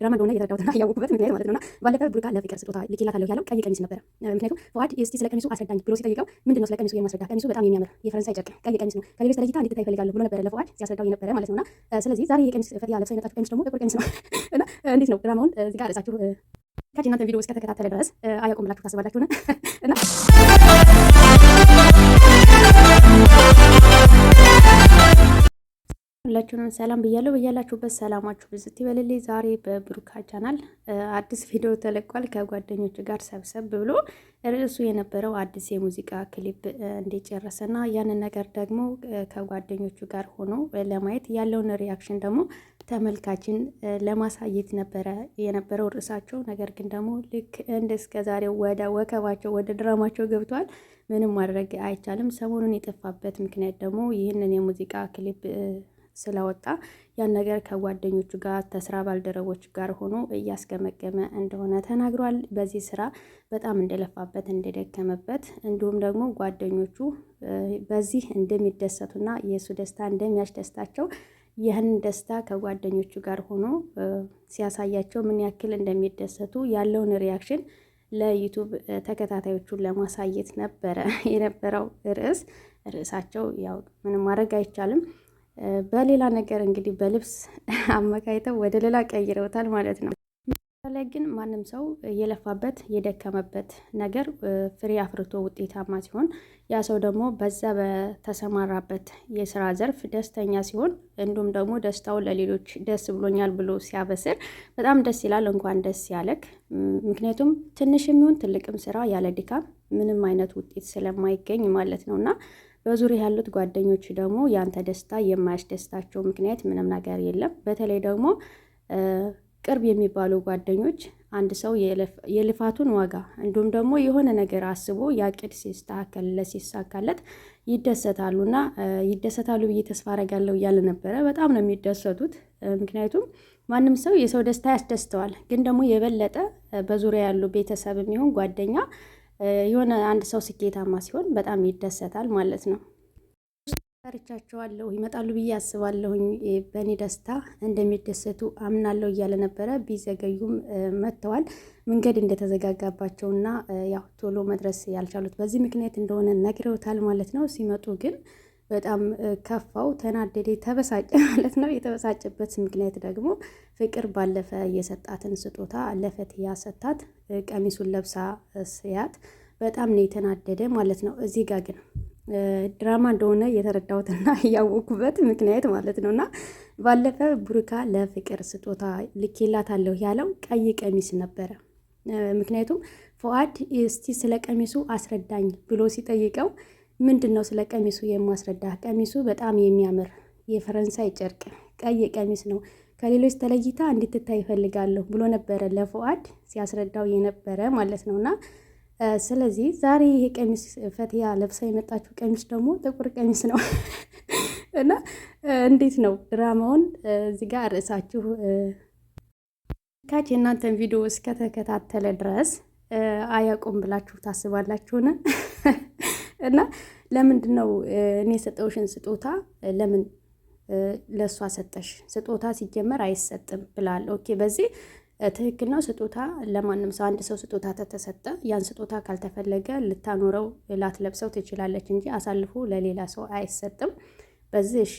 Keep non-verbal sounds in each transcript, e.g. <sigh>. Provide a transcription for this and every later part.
ድራማ እንደሆነ እየተረዳሁትና እያወኩበት ምክንያት ማለት ነውና ባለፈ ቡርካ ለፍቅር ስጦታ ልኬላታለሁ ያለው ቀይ ቀሚስ ነበረ። ምክንያቱም ፈዋድ እስቲ ስለ ቀሚሱ አስረዳኝ ብሎ ሲጠይቀው ምንድን ነው ስለ ቀሚሱ የማስረዳ ቀሚሱ በጣም የሚያምር የፈረንሳይ ጨርቅ ቀይ ቀሚስ ነው ከሌሎች ተለይታ እንድትታይ ይፈልጋለሁ ብሎ ነበረ ለፈዋድ ሲያስረዳው የነበረ ማለት ነውና ስለዚህ ዛሬ የቀሚስ ፈትያ ለብሳ የመጣችው ቀሚስ ደግሞ ጥቁር ቀሚስ ነው <laughs> እና እንዴት ነው ድራማውን እዚህ ጋር ርጻችሁ ከዚህ እናንተን ቪዲዮ እስከተከታተለ ድረስ አያውቁም ብላችሁ ታስባላችሁን እና <laughs> ሁላችሁንም ሰላም ብያለሁ። በያላችሁበት ሰላማችሁ ብዙ ይበልልኝ። ዛሬ በብሩካ ቻናል አዲስ ቪዲዮ ተለቋል። ከጓደኞች ጋር ሰብሰብ ብሎ ርዕሱ የነበረው አዲስ የሙዚቃ ክሊፕ እንደጨረሰና ያንን ነገር ደግሞ ከጓደኞቹ ጋር ሆኖ ለማየት ያለውን ሪያክሽን ደግሞ ተመልካችን ለማሳየት ነበረ የነበረው ርዕሳቸው። ነገር ግን ደግሞ ልክ እንደ እስከዛሬው ወደ ወከባቸው ወደ ድራማቸው ገብቷል ምንም ማድረግ አይቻልም። ሰሞኑን የጠፋበት ምክንያት ደግሞ ይህንን የሙዚቃ ክሊፕ ስለወጣ ያን ነገር ከጓደኞቹ ጋር ከስራ ባልደረቦች ጋር ሆኖ እያስገመገመ እንደሆነ ተናግሯል። በዚህ ስራ በጣም እንደለፋበት እንደደከመበት፣ እንዲሁም ደግሞ ጓደኞቹ በዚህ እንደሚደሰቱና የእሱ ደስታ እንደሚያስደስታቸው ይህን ደስታ ከጓደኞቹ ጋር ሆኖ ሲያሳያቸው ምን ያክል እንደሚደሰቱ ያለውን ሪያክሽን ለዩቱብ ተከታታዮቹን ለማሳየት ነበረ የነበረው ርዕስ ርዕሳቸው ያው ምንም ማድረግ አይቻልም። በሌላ ነገር እንግዲህ በልብስ <laughs> አመካይተው ወደ ሌላ ቀይረውታል ማለት ነው። ላይ ግን ማንም ሰው የለፋበት የደከመበት ነገር ፍሬ አፍርቶ ውጤታማ ሲሆን ያ ሰው ደግሞ በዛ በተሰማራበት የስራ ዘርፍ ደስተኛ ሲሆን እንዲሁም ደግሞ ደስታው ለሌሎች ደስ ብሎኛል ብሎ ሲያበስር በጣም ደስ ይላል። እንኳን ደስ ያለክ። ምክንያቱም ትንሽ የሚሆን ትልቅም ስራ ያለ ድካም ምንም አይነት ውጤት ስለማይገኝ ማለት ነው እና በዙሪያ ያሉት ጓደኞች ደግሞ ያንተ ደስታ የማያስደስታቸው ምክንያት ምንም ነገር የለም። በተለይ ደግሞ ቅርብ የሚባሉ ጓደኞች አንድ ሰው የልፋቱን ዋጋ እንዲሁም ደግሞ የሆነ ነገር አስቦ ያቅድ ሲስተካከልለት ሲሳካለት ይደሰታሉና ይደሰታሉ ብዬ ተስፋ አረጋለሁ እያለ ነበረ። በጣም ነው የሚደሰቱት። ምክንያቱም ማንም ሰው የሰው ደስታ ያስደስተዋል። ግን ደግሞ የበለጠ በዙሪያ ያሉ ቤተሰብ የሚሆን ጓደኛ የሆነ አንድ ሰው ስኬታማ ሲሆን በጣም ይደሰታል ማለት ነው። ጠርቻቸዋለሁ ይመጣሉ ብዬ አስባለሁኝ። በእኔ ደስታ እንደሚደሰቱ አምናለሁ እያለ ነበረ። ቢዘገዩም መጥተዋል። መንገድ እንደተዘጋጋባቸውና ያው ቶሎ መድረስ ያልቻሉት በዚህ ምክንያት እንደሆነ ነግረውታል ማለት ነው። ሲመጡ ግን በጣም ከፋው፣ ተናደደ፣ ተበሳጨ <laughs> ማለት ነው። የተበሳጨበት ምክንያት ደግሞ ፍቅር ባለፈ የሰጣትን ስጦታ ለፈትያ ሰጣት። ቀሚሱን ለብሳ ስያት በጣም ነው የተናደደ ማለት ነው። እዚህ ጋር ግን ድራማ እንደሆነ የተረዳሁትና እያወኩበት <laughs> ምክንያት ማለት ነው። እና ባለፈ ቡርካ ለፍቅር ስጦታ ልኬላታለሁ ያለው ቀይ ቀሚስ ነበረ። ምክንያቱም ፉአድ እስቲ ስለ ቀሚሱ አስረዳኝ ብሎ ሲጠይቀው ምንድን ነው ስለ ቀሚሱ የማስረዳ? ቀሚሱ በጣም የሚያምር የፈረንሳይ ጨርቅ ቀይ ቀሚስ ነው፣ ከሌሎች ተለይታ እንድትታይ ይፈልጋለሁ ብሎ ነበረ ለፉአድ ሲያስረዳው የነበረ ማለት እና ስለዚህ ዛሬ ይሄ ቀሚስ ፈትያ ለብሳ የመጣችው ቀሚስ ደግሞ ጥቁር ቀሚስ ነው <laughs> እና እንዴት ነው ድራማውን እዚህ ጋር ርዕሳችሁ ካች የእናንተን ቪዲዮ እስከተከታተለ ድረስ አያቁም ብላችሁ ታስባላችሁን? <laughs> እና ለምንድን ነው እኔ የሰጠውሽን ስጦታ ለምን ለእሷ ሰጠሽ? ስጦታ ሲጀመር አይሰጥም ብላል። ኦኬ በዚህ ትክክል ነው። ስጦታ ለማንም ሰው አንድ ሰው ስጦታ ተተሰጠ፣ ያን ስጦታ ካልተፈለገ ልታኖረው ላትለብሰው ትችላለች እንጂ አሳልፎ ለሌላ ሰው አይሰጥም። በዚህ እሺ፣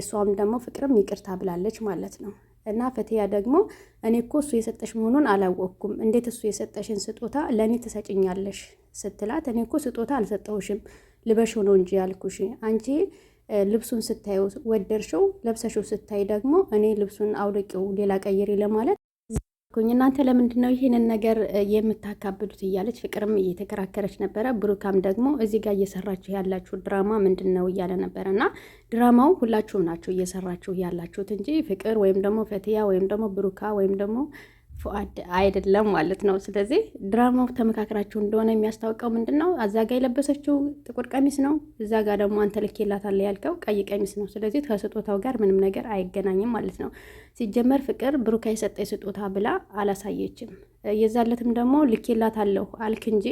እሷም ደግሞ ፍቅርም ይቅርታ ብላለች ማለት ነው። እና ፈትያ ደግሞ እኔ እኮ እሱ የሰጠሽ መሆኑን አላወቅኩም፣ እንዴት እሱ የሰጠሽን ስጦታ ለእኔ ትሰጭኛለሽ ስትላት፣ እኔ እኮ ስጦታ አልሰጠውሽም ልበሽ ነው እንጂ ያልኩሽ አንቺ ልብሱን ስታየው ወደርሽው ለብሰሽው ስታይ ደግሞ እኔ ልብሱን አውልቂው ሌላ ቀይሬ ለማለት አልኩኝ። እናንተ ለምንድን ነው ይህንን ነገር የምታካብዱት? እያለች ፍቅርም እየተከራከረች ነበረ። ብሩካም ደግሞ እዚህ ጋር እየሰራችሁ ያላችሁ ድራማ ምንድን ነው እያለ ነበረ እና ድራማው ሁላችሁም ናችሁ እየሰራችሁ ያላችሁት እንጂ ፍቅር ወይም ደግሞ ፈትያ ወይም ደግሞ ብሩካ ወይም ደግሞ ፉአድ አይደለም ማለት ነው። ስለዚህ ድራማው ተመካከራችሁ እንደሆነ የሚያስታውቀው ምንድን ነው? እዛ ጋ የለበሰችው ጥቁር ቀሚስ ነው። እዛ ጋ ደግሞ አንተ ልኬላታለህ ያልከው ቀይ ቀሚስ ነው። ስለዚህ ከስጦታው ጋር ምንም ነገር አይገናኝም ማለት ነው። ሲጀመር ፍቅር ብሩካ የሰጠኝ ስጦታ ብላ አላሳየችም። የዛለትም ደግሞ ልኬላታለሁ አልክ እንጂ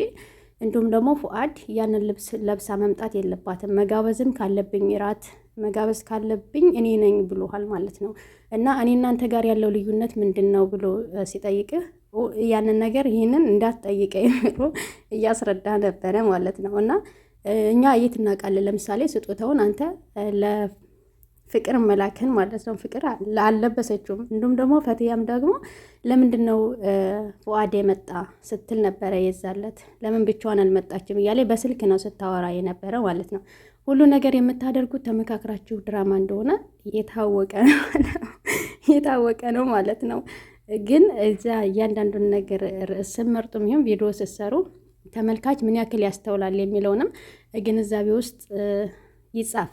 እንዲሁም ደግሞ ፉአድ ያንን ልብስ ለብሳ መምጣት የለባትም። መጋበዝም ካለብኝ ራት መጋበዝ ካለብኝ እኔ ነኝ ብሎሃል ማለት ነው። እና እኔ እናንተ ጋር ያለው ልዩነት ምንድን ነው ብሎ ሲጠይቅህ ያንን ነገር ይህንን እንዳትጠይቀ <laughs> ብሎ እያስረዳ ነበረ ማለት ነው። እና እኛ የት እናውቃለን? ለምሳሌ ስጦታውን አንተ ፍቅር መላክን ማለት ነው። ፍቅር አልለበሰችውም። እንዲሁም ደግሞ ፈትያም ደግሞ ለምንድን ነው ፉአድ የመጣ ስትል ነበረ የዛለት ለምን ብቻዋን አልመጣችም እያለ በስልክ ነው ስታወራ የነበረ ማለት ነው። ሁሉ ነገር የምታደርጉት ተመካክራችሁ ድራማ እንደሆነ የታወቀ ነው የታወቀ ነው ማለት ነው። ግን እዛ እያንዳንዱን ነገር ርዕስ መርጡ ይሁን ቪዲዮ ስትሰሩ ተመልካች ምን ያክል ያስተውላል የሚለውንም ግንዛቤ ውስጥ ይጻፍ።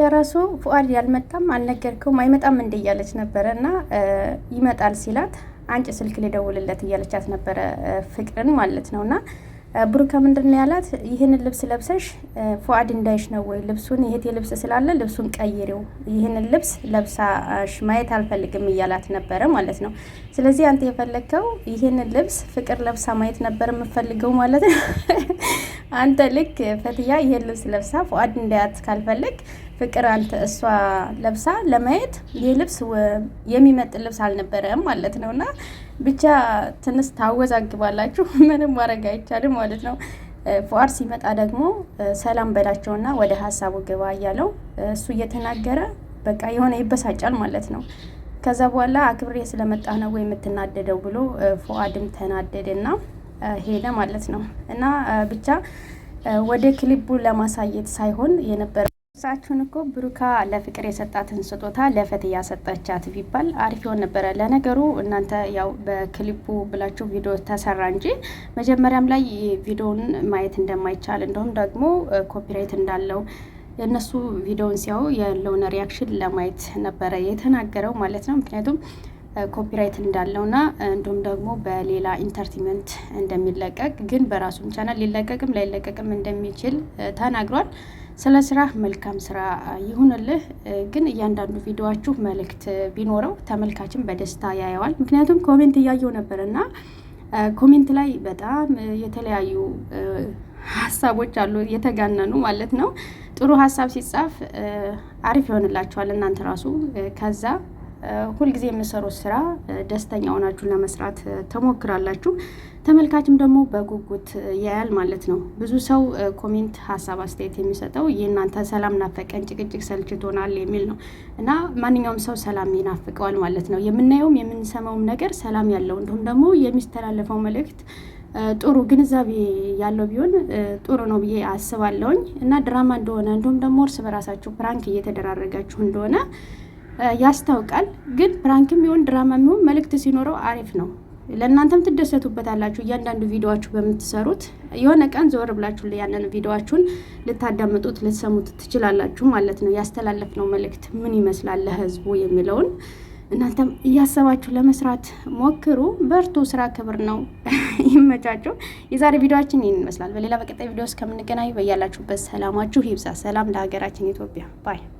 የራሱ ፉአድ ያልመጣም አልነገርከውም አይመጣም እንደ እያለች ነበረ እና ይመጣል ሲላት አንጭ ስልክ ሊደውልለት እያለቻት ነበረ ፍቅርን ማለት ነው እና ብሩካ ምንድን ነው ያላት ይህንን ልብስ ለብሰሽ ፉአድ እንዳይሽ ነው ወይ ልብሱን ይሄት ልብስ ስላለ ልብሱን ቀይሪው ይህንን ልብስ ለብሳሽ ማየት አልፈልግም እያላት ነበረ ማለት ነው ስለዚህ አንተ የፈለግከው ይህንን ልብስ ፍቅር ለብሳ ማየት ነበር የምፈልገው ማለት ነው አንተ ልክ ፈትያ ይሄን ልብስ ለብሳ ፉአድ እንዳያት ካልፈለግ ፍቅር አንተ እሷ ለብሳ ለማየት ይህ ልብስ የሚመጥ ልብስ አልነበረም ማለት ነው። እና ብቻ ትንስ ታወዛግባላችሁ፣ <laughs> ምንም ማድረግ አይቻልም ማለት ነው። ፉአድ ሲመጣ ደግሞ ሰላም በላቸውና ወደ ሀሳቡ ግባ እያለው እሱ እየተናገረ በቃ የሆነ ይበሳጫል ማለት ነው። ከዛ በኋላ አክብሬ ስለመጣ ነው የምትናደደው ብሎ ፉአድም ተናደደና ሄደ ማለት ነው። እና ብቻ ወደ ክሊቡ ለማሳየት ሳይሆን የነበረ ሳችሁን እኮ ብሩካ ለፍቅር የሰጣትን ስጦታ ለፈትያ ሰጠቻት ቢባል አሪፍ ይሆን ነበረ። ለነገሩ እናንተ ያው በክሊፑ ብላችሁ ቪዲዮ ተሰራ እንጂ መጀመሪያም ላይ ቪዲዮውን ማየት እንደማይቻል እንዲሁም ደግሞ ኮፒራይት እንዳለው የእነሱ ቪዲዮውን ሲያዩ ያለውን ሪያክሽን ለማየት ነበረ የተናገረው ማለት ነው ምክንያቱም ኮፒራይት እንዳለውና እንዲሁም ደግሞ በሌላ ኢንተርቴንመንት እንደሚለቀቅ ግን በራሱም ቻናል ሊለቀቅም ላይለቀቅም እንደሚችል ተናግሯል። ስለ ስራ መልካም ስራ ይሁንልህ። ግን እያንዳንዱ ቪዲዮችሁ መልእክት ቢኖረው ተመልካችን በደስታ ያየዋል። ምክንያቱም ኮሜንት እያየው ነበር እና ኮሜንት ላይ በጣም የተለያዩ ሀሳቦች አሉ፣ የተጋነኑ ማለት ነው። ጥሩ ሀሳብ ሲጻፍ አሪፍ ይሆንላችኋል እናንተ ራሱ ከዛ ሁልጊዜ የምሰሩት ስራ ደስተኛ ሆናችሁ ለመስራት ትሞክራላችሁ። ተመልካችም ደግሞ በጉጉት ያያል ማለት ነው። ብዙ ሰው ኮሜንት፣ ሀሳብ፣ አስተያየት የሚሰጠው የእናንተ ሰላም ናፈቀን፣ ጭቅጭቅ ሰልችቶናል የሚል ነው እና ማንኛውም ሰው ሰላም ይናፍቀዋል ማለት ነው። የምናየውም የምንሰማውም ነገር ሰላም ያለው እንዲሁም ደግሞ የሚስተላለፈው መልእክት ጥሩ ግንዛቤ ያለው ቢሆን ጥሩ ነው ብዬ አስባለሁኝ እና ድራማ እንደሆነ እንዲሁም ደግሞ እርስ በራሳችሁ ፕራንክ እየተደራረጋችሁ እንደሆነ ያስታውቃል። ግን ፕራንክም ይሁን ድራማ የሚሆን መልእክት ሲኖረው አሪፍ ነው። ለእናንተም ትደሰቱበታላችሁ። እያንዳንዱ ቪዲዮችሁ በምትሰሩት የሆነ ቀን ዘወር ብላችሁ ያንን ቪዲዮችሁን ልታዳምጡት ልትሰሙት ትችላላችሁ ማለት ነው። ያስተላለፍነው መልእክት ምን ይመስላል ለህዝቡ የሚለውን እናንተም እያሰባችሁ ለመስራት ሞክሩ። በርቱ። ስራ ክብር ነው። <laughs> ይመቻችሁ። የዛሬ ቪዲዮችን ይህን ይመስላል። በሌላ በቀጣይ ቪዲዮ እስከምንገናኝ በያላችሁበት ሰላማችሁ ይብዛ። ሰላም ለሀገራችን ኢትዮጵያ ባይ